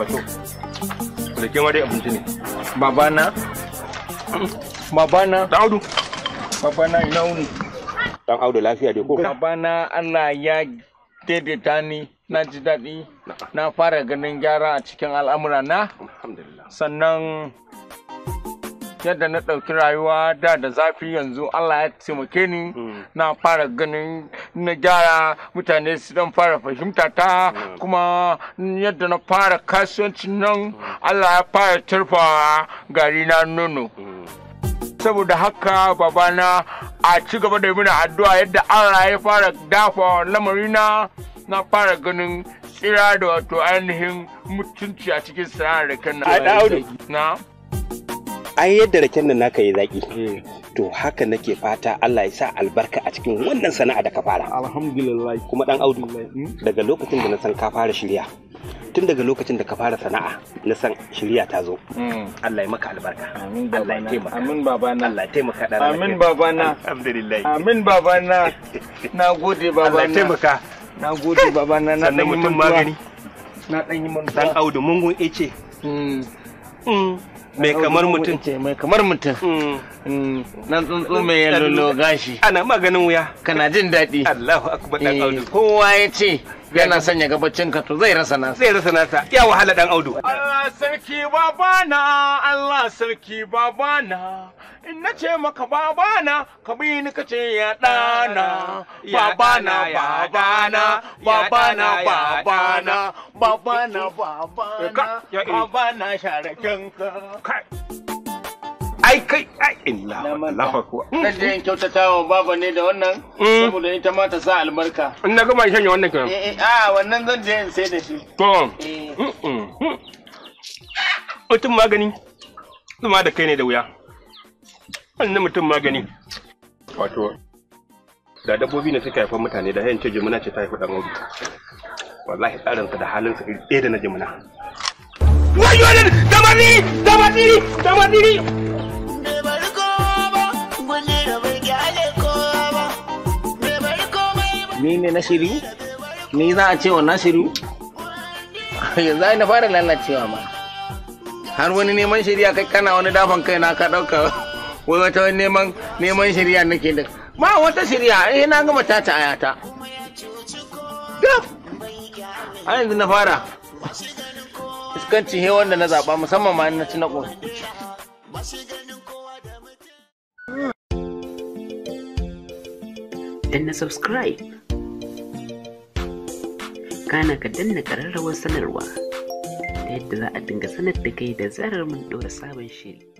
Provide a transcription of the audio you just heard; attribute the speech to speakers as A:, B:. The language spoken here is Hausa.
A: fato kulake ma dai abinci ne babana babana audu babana ina wuni dan audu lafiya dai ko babana Allah ya daidaita ni na ji daɗi na fara ganin gyara a cikin al'amura na sannan yadda na ɗauki rayuwa da da zafi yanzu Allah ya taimake ni mm. na fara ganin na gyara mutane su dan fara fahimta ta mm. kuma yadda na fara kasuwanci nan mm. allah ya fara turfa gari na nono mm. saboda haka babana a ci gaba da muna addu'a yadda allah ya fara dafa lamarina na fara ganin tsira da wato ainihin mutunci a cikin sana'ar da kan na
B: ai yadda raken nan naka yi zaki hmm. to haka nake fata Allah ya sa albarka a cikin wannan sana'a da ka fara alhamdulillah kuma dan audu hmm? daga lokacin da na san ka fara shirya tun daga lokacin da ka fara sana'a na san shirya ta zo hmm. Allah ya maka albarka Allah ya taimaka amin babana Allah ya taimaka dan amin babana
A: alhamdulillah amin babana na gode babana Allah ya taimaka na gode babana na dan mutum magani na dan yi mun dan audu mungun ice Mm. mai kamar mutum
B: mai kamar mutum nan tsuntsu mai yalolo gashi ana maganin wuya kana jin daɗi Allahu akbar dan eh, audu kowa ya ce yana sanya gabacin ka to zai rasa nasa zai rasa nasa ya wahala dan audu
A: Allah sarki babana Allah sarki babana in na ce maka babana ka bi ni ka ce ya dana babana babana babana babana babana eh,
B: babana eh. babana share kanka kai
A: ai kai ai inna Allahu akbar dan da yin
B: kyautata wa baba ne da wannan mm. saboda ita ma ta sa albarka
A: in na gama shanye wannan kan
B: eh, eh a ah, wannan zan je in sai da shi
A: to mutum mm, mm, magani zuma da kai ne da wuya wannan mutum magani wato
B: da dabbobi ne suka haifar mutane da yayin ce jimina ce ta haifi ɗan wuri wallahi ka da halinsa iri ɗaya da na jimina
A: wayo da damari damari damari
B: ni ne na shiru ni za a wa na shiru yanzu ai na fara lalacewa ma har wani neman shirya kai kana wani dafan kai na ka dauka wai wata neman neman shirya nake da ma wata shirya eh na gama tata ayata a yanzu na fara iskancin he wanda na zaba musamman ma na ci na ƙoshi danna subscribe kana ka danna
A: ƙararrawar sanarwa ta yadda za a dinga sanar da kai da zarar mun ɗora sabon shiri